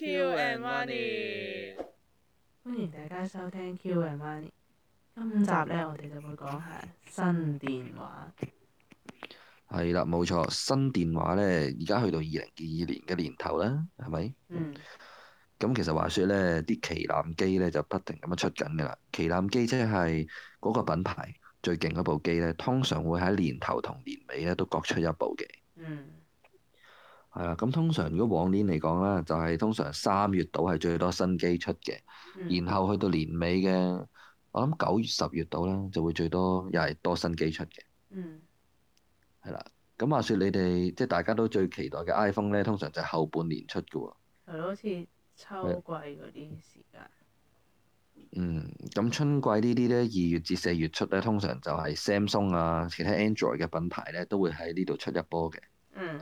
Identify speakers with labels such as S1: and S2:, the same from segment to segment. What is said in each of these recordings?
S1: Q and Money，歡迎大家收聽 Q and Money。今集咧，我哋就會講下新電話。係啦，冇 錯，新電話咧，而家去到二零二二年嘅年頭啦，係咪？嗯。咁其實話說咧，啲旗艦機咧就不停咁樣出緊噶啦。旗艦機即係嗰個品牌最勁嗰部機咧，通常會喺年頭同年尾咧都各出一部嘅。嗯。係啊，咁通常如果往年嚟講咧，就係、是、通常三月到係最多新機出嘅，嗯、然後去到年尾嘅，我諗九月十月到咧就會最多又係、嗯、多新機出嘅。嗯，係啦，咁話説你哋即係大家都最期待嘅 iPhone 咧，通常就係後半年出嘅喎。係咯，好似秋季嗰啲時間。嗯，咁春季呢啲咧，二月至四月出咧，通常就係 Samsung 啊，其他 Android 嘅品牌咧都會喺呢度出一波嘅。嗯。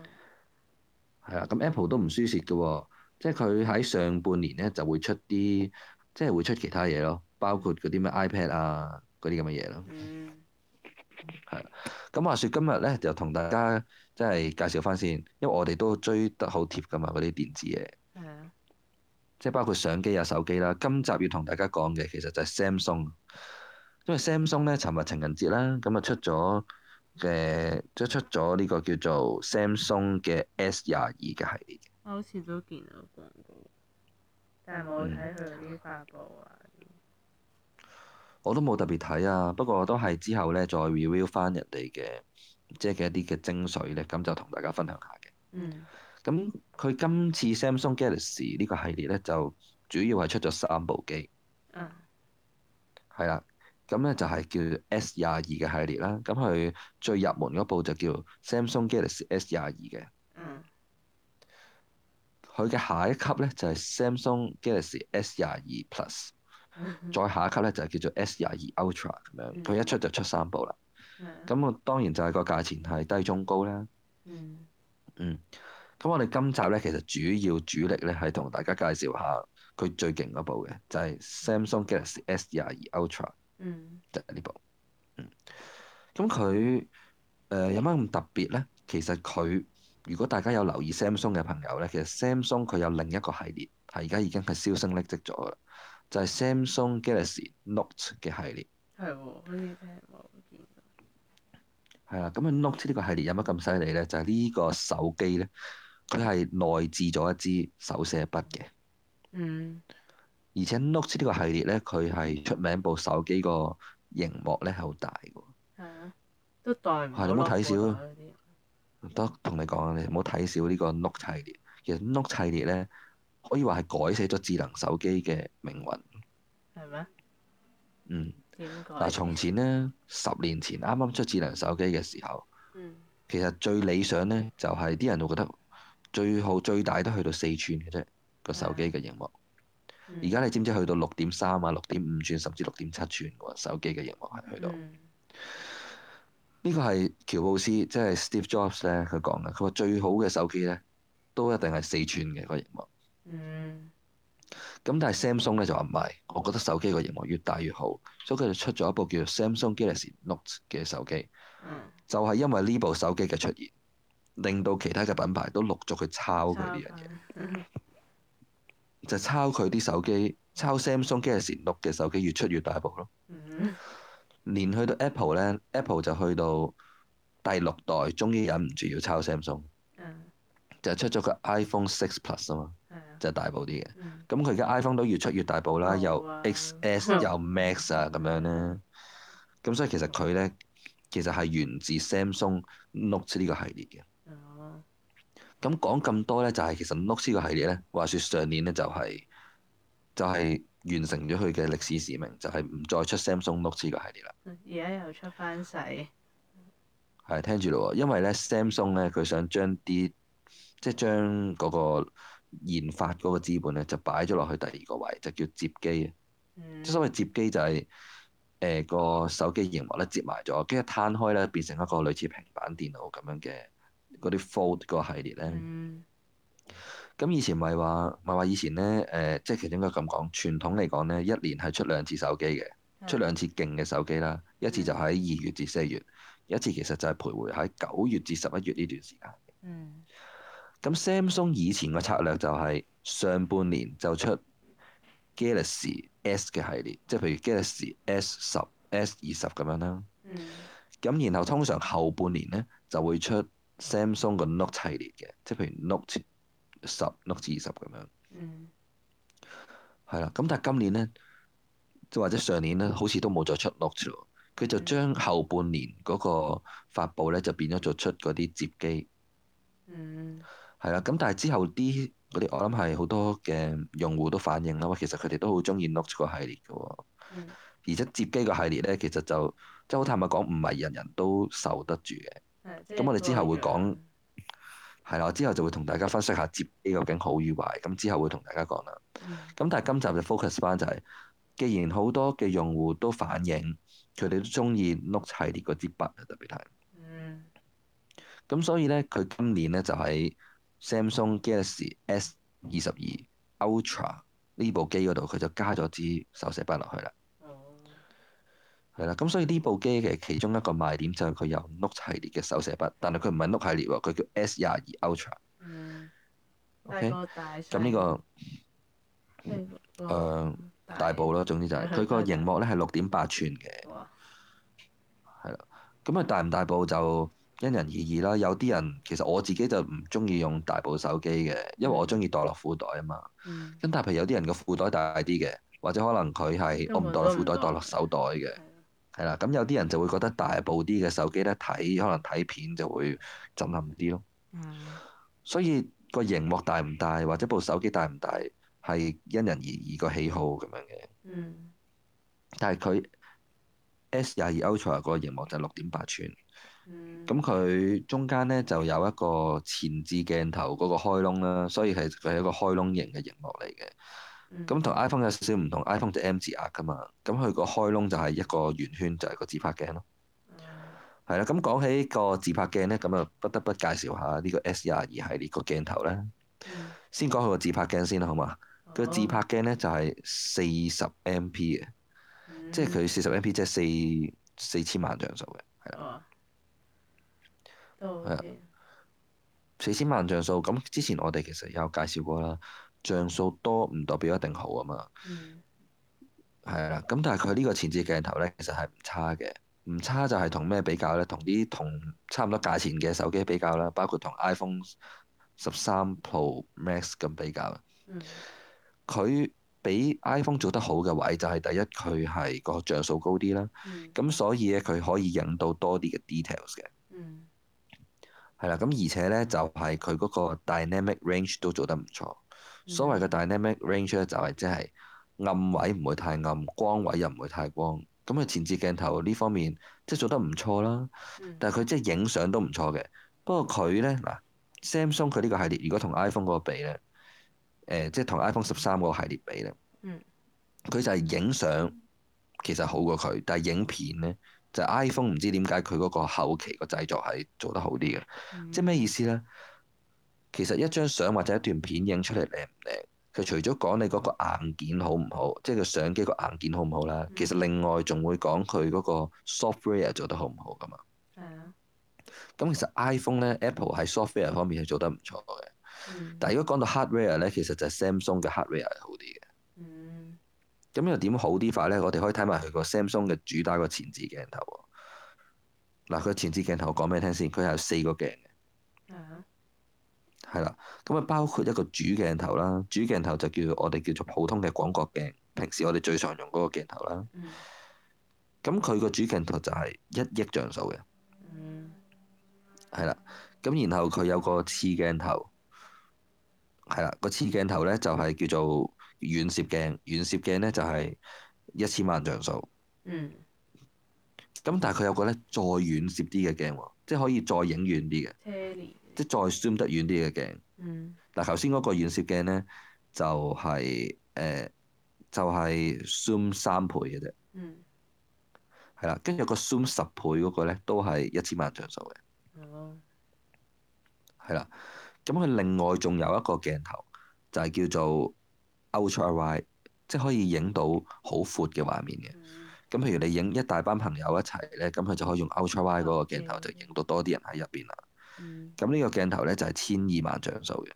S1: 係啊，咁 Apple 都唔輸蝕嘅喎，即係佢喺上半年咧就會出啲，即係會出其他嘢咯，包括嗰啲咩 iPad 啊，嗰啲咁嘅嘢咯。嗯。係啊，咁話説今日咧就同大家即係介紹翻先，因為我哋都追得好貼㗎嘛，嗰啲電子嘢。係啊、嗯。即係包括相機啊、手機啦，今集要同大家講嘅其實就係 Samsung，因為 Samsung 咧，尋日情人節啦，咁啊出咗。嘅即出咗呢個叫做 Samsung 嘅 S 廿二嘅系列，我好似都見到廣告，但係冇睇佢啲發布啊、嗯、我都冇特別睇啊，不過我都係之後咧再 review 翻人哋嘅，即係嘅一啲嘅精髓咧，咁就同大家分享下嘅。嗯。咁佢今次 Samsung Galaxy 呢個系列咧，就主要係出咗三部機。嗯、啊。係啦。咁咧就係叫 S 廿二嘅系列啦。咁佢最入門嗰部就叫 Samsung Galaxy S 廿二嘅。佢嘅下一級咧就係 Samsung Galaxy S 廿二 Plus。再下一級咧就係叫做 S 廿二 Ultra 咁樣。佢一出就出三部啦。係。咁啊，當然就係個價錢係低中高啦。嗯。咁我哋今集咧，其實主要主力咧係同大家介紹下佢最勁嗰部嘅，就係 Samsung Galaxy S 廿二 Ultra。嗯，就係呢部，咁佢誒有乜咁特別咧？其實佢如果大家有留意 Samsung 嘅朋友咧，其實 Samsung 佢有另一個系列，係而家已經係銷聲匿跡咗，就係 Samsung Galaxy Note 嘅系列。係喎、嗯，呢啲冇見。係啦，咁啊 Note 呢個系列有乜咁犀利咧？就係呢個手機咧，佢係內置咗一支手寫筆嘅。嗯。而且 Note 呢個系列呢，佢係出名部手機個熒幕呢，係好大嘅，係啊，都代係，唔好睇少。得同你講啊，你唔好睇少呢、啊、個 Note 系列。其實 Note 系列呢，可以話係改寫咗智能手機嘅命運。係咩嗎？嗯。嗱、啊，從前呢，十年前啱啱出智能手機嘅時候，嗯、其實最理想呢，就係、是、啲人會覺得最好最大都去到四寸嘅啫，個手機嘅熒幕。嗯。而家你知唔知去到六點三啊、六點五寸，甚至六點七寸嗰手機嘅屏幕係去到呢個係喬布斯，即係 Steve Jobs 咧，佢講嘅，佢話最好嘅手機咧都一定係四寸嘅個屏幕。嗯。咁但係 Samsung 咧就話唔係，我覺得手機個屏幕越大越好，所以佢就出咗一部叫做 Samsung Galaxy Note 嘅手機。嗯、就係因為呢部手機嘅出現，令到其他嘅品牌都陸續去抄佢呢樣嘢。抄襲 就抄佢啲手機，抄 Samsung Galaxy Note 嘅手機越出越大部咯。連去到 Apple 咧，Apple 就去到第六代，終於忍唔住要抄 Samsung，就出咗個 iPhone 6 Plus 啊嘛，就大部啲嘅。咁佢而家 iPhone 都越出越大部啦，又 XS、又 Max 啊咁樣咧。咁所以其實佢咧，其實係源自 Samsung Note 呢個系列嘅。咁講咁多咧，就係、是、其實 Note 嘅系列咧，話説上年咧就係、是、就係、是、完成咗佢嘅歷史使命，就係、是、唔再出 Samsung Note 嘅系列啦。而家又出返世，係聽住咯，因為咧 Samsung 咧佢想將啲即係將嗰個研發嗰個資本咧就擺咗落去第二個位，就叫摺機啊。即所謂摺機就係誒個手機熒幕咧摺埋咗，跟住攤開咧變成一個類似平板電腦咁樣嘅。嗰啲 Fold 個系列咧，咁、嗯、以前咪話，咪話以前咧，誒、呃，即係其實應該咁講傳統嚟講咧，一年係出兩次手機嘅，嗯、出兩次勁嘅手機啦，一次就喺二月至四月，一次其實就係徘徊喺九月至十一月呢段時間。嗯，咁 Samsung 以前個策略就係上半年就出 Galaxy S 嘅系列，即係譬如 Galaxy S 十、S 二十咁樣啦。嗯，咁然後通常後半年咧就會出。Samsung 個 Note 系列嘅，即係譬如 Note 十、mm、Note 二十咁樣，係啦。咁但係今年咧，即係或者上年咧，好似都冇再出 Note，佢就將後半年嗰個發布咧就變咗做出嗰啲摺機，係啦、mm。咁、hmm. 但係之後啲嗰啲，我諗係好多嘅用戶都反映啦，其實佢哋都好中意 Note 個系列嘅，而且摺機個系列咧其實就即係好坦白講，唔係人人都受得住嘅。咁我哋之後會講，係啦， 之後就會同大家分析下摺機究竟好與壞。咁之後會同大家講啦。咁、嗯、但係今集就 focus 翻就係、是，既然好多嘅用戶都反映，佢哋都中意 note 系列嗰支筆啊，就特別係。嗯。咁所以咧，佢今年咧就喺 Samsung Galaxy S 二十二 Ultra 呢部機嗰度，佢就加咗支手寫筆落去啦。係啦，咁所以呢部機嘅其中一個賣點就係佢有 Note 系列嘅手寫筆，但係佢唔係 Note 系列喎，佢叫 S 廿二 Ultra。嗯。大咁呢個誒、嗯嗯、大部咯，呃、部總之就係佢個螢幕咧係六點八寸嘅，係啦哇。咁啊，大唔大部就因人而異啦。有啲人其實我自己就唔中意用大部手機嘅，因為我中意袋落褲袋啊嘛。咁、嗯、但係譬如有啲人嘅褲袋大啲嘅，或者可能佢係、嗯、我唔袋落褲袋，袋落手袋嘅。係啦，咁有啲人就會覺得大部啲嘅手機咧睇，可能睇片就會震撼啲咯。嗯、所以個螢幕大唔大，或者部手機大唔大，係因人而異個喜好咁樣嘅。嗯、但係佢 S22 Ultra 個螢幕就六點八寸。嗯，咁佢、嗯、中間咧就有一個前置鏡頭嗰個開窿啦，所以係佢係一個開窿型嘅螢幕嚟嘅。咁同、嗯、iPhone 有少少唔同，嗯、iPhone 就 M 字壓㗎嘛，咁佢個開窿就係一個圓圈，就係、是、個自拍鏡咯。係啦、嗯，咁講起個自拍鏡咧，咁啊不得不介紹下呢個 S 22系列個鏡頭咧。嗯、先講佢個自拍鏡先啦，好嘛？佢個、哦、自拍鏡咧就係四十 MP 嘅，嗯、即係佢四十 MP 即係四四千萬像素嘅，係啦，係啊、哦，四千萬像素。咁之前我哋其實有介紹過啦。像素多唔代表一定好啊嘛，係啦、嗯。咁但係佢呢個前置鏡頭咧，其實係唔差嘅，唔差就係同咩比較咧？同啲同差唔多價錢嘅手機比較啦，包括同 iPhone 十三 Pro Max 咁比較。佢、嗯、比 iPhone 做得好嘅位就係、是、第一，佢係個像素高啲啦。咁、嗯、所以咧，佢可以影到多啲嘅 details 嘅，係啦、嗯。咁而且咧、嗯、就係佢嗰個 dynamic range 都做得唔錯。所謂嘅 dynamic range 咧，就係即係暗位唔會太暗，光位又唔會太光。咁佢前置鏡頭呢方面，即係做得唔錯啦。但係佢即係影相都唔錯嘅。不過佢咧，嗱，Samsung 佢呢個系列，如果同 iPhone 嗰個比咧，誒、呃，即係同 iPhone 十三嗰個系列比咧，佢就係影相其實好過佢，但係影片咧，就係 iPhone 唔知點解佢嗰個後期個製作係做得好啲嘅。嗯、即係咩意思咧？其實一張相或者一段片影出嚟靚唔靚？佢除咗講你嗰個硬件好唔好，即係個相機個硬件好唔好啦，其實另外仲會講佢嗰個 software 做得好唔好㗎嘛。咁、嗯、其實 iPhone 咧，Apple 喺 software 方面係做得唔錯嘅。但係如果講到 hardware 咧，其實就係 Samsung 嘅 hardware 係好啲嘅。咁、嗯、又點好啲法咧？我哋可以睇埋佢個 Samsung 嘅主打個前置鏡頭。嗱，佢前置鏡頭講俾你聽先，佢係有四個鏡。係啦，咁啊包括一個主鏡頭啦，主鏡頭就叫我哋叫做普通嘅廣角鏡，平時我哋最常用嗰個鏡頭啦。咁佢個主鏡頭就係一億像素嘅，係啦、嗯。咁然後佢有個次鏡頭，係啦個次鏡頭咧就係叫做遠攝鏡，遠攝鏡咧就係一千萬像素。嗯。咁但係佢有個咧再遠攝啲嘅鏡喎，即係可以再影遠啲嘅。嗯即係再 zoom 得遠啲嘅鏡，嗱頭先嗰個遠攝鏡咧就係、是、誒、呃、就係、是、zoom 三倍嘅啫，係、嗯、啦。跟住個 zoom 十倍嗰個咧都係一千萬像素嘅，係、嗯、啦。咁佢另外仲有一個鏡頭就係、是、叫做 ultrawide，即係可以影到好闊嘅畫面嘅。咁、嗯、譬如你影一大班朋友一齊咧，咁佢就可以用 ultrawide 嗰個鏡頭就影到多啲人喺入邊啦。嗯咁呢、嗯、個鏡頭咧就係千二萬像素嘅。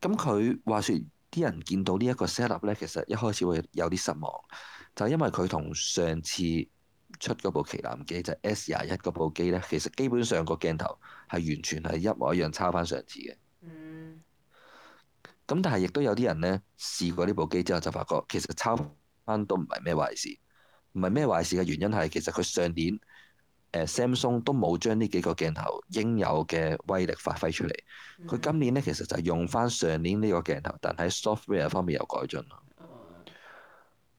S1: 咁佢、嗯、話說啲人見到呢一個 set up 咧，其實一開始會有啲失望，就因為佢同上次出嗰部旗艦機就是、S 廿一嗰部機咧，其實基本上個鏡頭係完全係一模一樣抄翻上次嘅。咁、嗯、但係亦都有啲人咧試過呢部機之後就發覺，其實抄翻都唔係咩壞事，唔係咩壞事嘅原因係其實佢上年。誒 Samsung 都冇將呢幾個鏡頭應有嘅威力發揮出嚟。佢、mm hmm. 今年呢，其實就係用翻上年呢個鏡頭，但喺 software 方面有改進咯。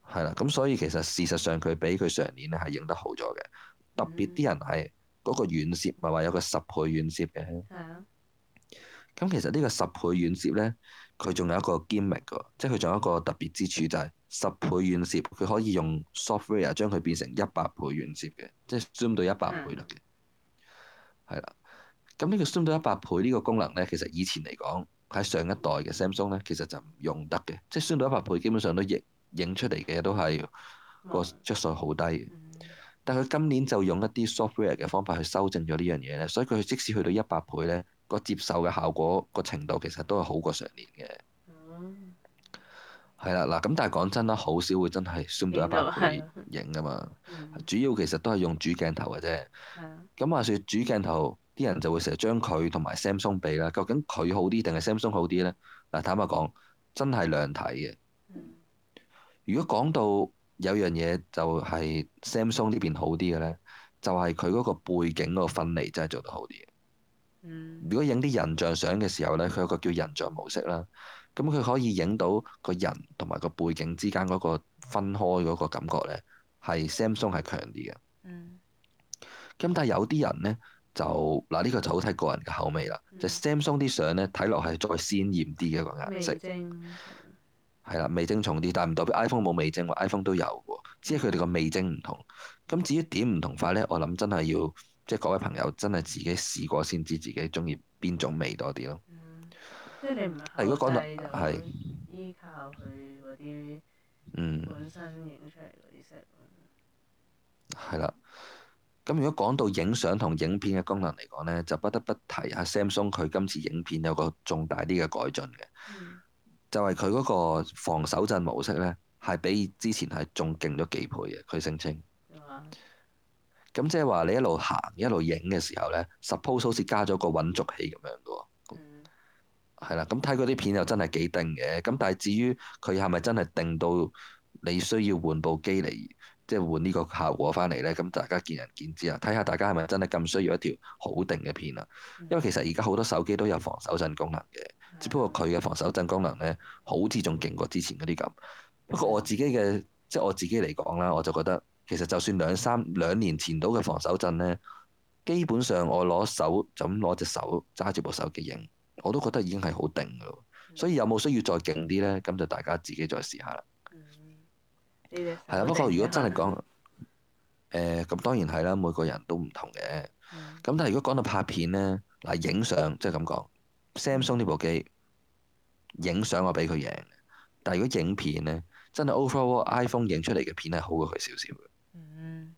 S1: 係啦、mm，咁、hmm. 所以其實事實上佢比佢上年呢係影得好咗嘅。特別啲人係嗰個遠攝，咪話有個十倍遠攝嘅。咁、mm hmm. 其實呢個十倍遠攝呢，佢仲有一個 gimmick 㗎，即係佢仲有一個特別之處就係、是。十倍遠攝，佢可以用 software 將佢變成一百倍遠攝嘅，即係 zoom 到一百倍啦嘅，係啦、嗯。咁呢個 zoom 到一百倍呢個功能咧，其實以前嚟講喺上一代嘅 Samsung 咧，其實就唔用得嘅，即係 zoom 到一百倍基本上都影影出嚟嘅都係個質素好低。嗯、但佢今年就用一啲 software 嘅方法去修正咗呢樣嘢咧，所以佢即使去到一百倍咧，個接受嘅效果、個程度其實都係好過上年嘅。係啦，嗱咁，但係講真啦，好少會真係攝到一百倍影啊嘛。嗯、主要其實都係用主鏡頭嘅啫。咁、嗯、話説主鏡頭，啲人就會成日將佢同埋 Samsung 比啦。究竟佢好啲定係 Samsung 好啲呢？嗱，坦白講，真係兩睇嘅。如果講到有樣嘢就係 Samsung 呢邊好啲嘅呢，就係佢嗰個背景個分離真係做得好啲。如果影啲人像相嘅時候呢，佢有個叫人像模式啦。咁佢可以影到個人同埋個背景之間嗰個分開嗰個感覺呢，係 Samsung 係強啲嘅。嗯。咁但係有啲人呢，就嗱，呢、呢個就好睇個人嘅口味啦。嗯、就 Samsung 啲相呢，睇落係再鮮豔啲嘅個顏色。味精。係啦，味、嗯、精重啲，但唔代表 iPhone 冇味精，或、哦、iPhone 都有喎。只係佢哋個味精唔同。咁至於點唔同法呢，我諗真係要即係、就是、各位朋友真係自己試過先知自己中意邊種味多啲咯。即係你唔係靠機就依靠佢嗰啲，嗯，本身影出嚟嗰啲色咯，係啦。咁如果講到影相同影片嘅功能嚟講呢，就不得不提下 Samsung 佢今次影片有個重大啲嘅改進嘅，嗯、就係佢嗰個防手震模式呢，係比之前係仲勁咗幾倍嘅。佢聲稱，咁、啊、即係話你一路行一路影嘅時候呢，suppose 好似加咗個穩定器咁樣嘅喎。係啦，咁睇嗰啲片又真係幾定嘅。咁但係至於佢係咪真係定到你需要換部機嚟，即係換呢個效果翻嚟呢？咁大家見仁見智啊。睇下大家係咪真係咁需要一條好定嘅片啦。因為其實而家好多手機都有防手震功能嘅，只不過佢嘅防手震功能呢，好似仲勁過之前嗰啲咁。不過我自己嘅，即係我自己嚟講啦，我就覺得其實就算兩三兩年前到嘅防手震呢，基本上我攞手就咁攞隻手揸住部手機影。我都覺得已經係好定嘅，嗯、所以有冇需要再勁啲呢？咁就大家自己再試下啦。嗯，啊。不過如果真係講，咁、呃、當然係啦、啊，每個人都唔同嘅。咁、嗯、但係如果講到拍片呢，嗱，影相即係咁講，Samsung 呢部機影相我俾佢贏，但係如果影片呢，真係 overall iPhone 影出嚟嘅片係好過佢少少嘅。嗯、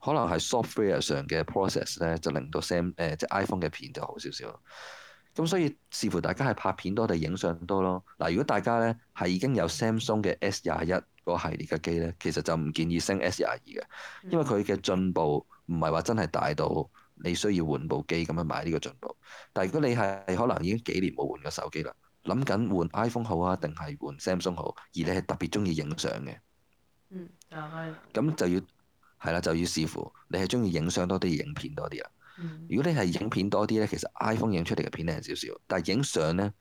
S1: 可能係 software 上嘅 process 呢，就令到 Sam 即係、呃就係、iPhone 嘅片就好少少。咁所以視乎大家係拍片多定影相多咯。嗱，如果大家咧係已經有 Samsung 嘅 S 廿一個系列嘅機咧，其實就唔建議升 S 廿二嘅，因為佢嘅進步唔係話真係大到你需要換部機咁樣買呢個進步。但係如果你係可能已經幾年冇換過手機啦，諗緊換 iPhone 好啊，定係換 Samsung 好，而你係特別中意影相嘅，嗯，就係咁，就要係啦，就要視乎你係中意影相多啲定影片多啲啦。如果你係影片多啲呢，其實 iPhone 影出嚟嘅片靚少少，但係影相呢，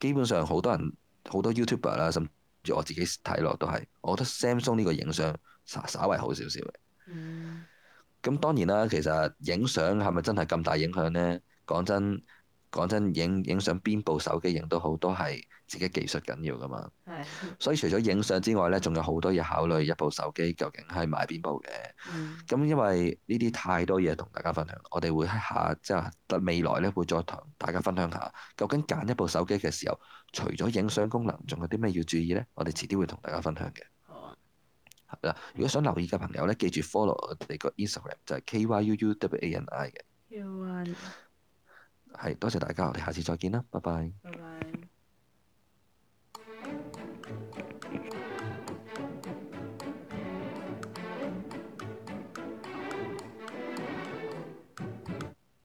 S1: 基本上好多人好多 YouTuber 啦，甚至我自己睇落都係，我覺得 Samsung 呢個影相稍為好少少嘅。咁、嗯、當然啦，其實影相係咪真係咁大影響呢？講真講真，影影相邊部手機影都好，都係，自己技術緊要㗎嘛， 所以除咗影相之外呢，仲有好多嘢考慮。一部手機究竟係買邊部嘅？咁 因為呢啲太多嘢同大家分享，我哋會喺下即係未來呢會再同大家分享下，究竟揀一部手機嘅時候，除咗影相功能，仲有啲咩要注意呢？我哋遲啲會同大家分享嘅。嗱， 如果想留意嘅朋友呢，記住 follow 我哋個 Instagram 就係 k y u u w a n i 嘅。U 係 多謝大家，我哋下次再見啦，拜拜。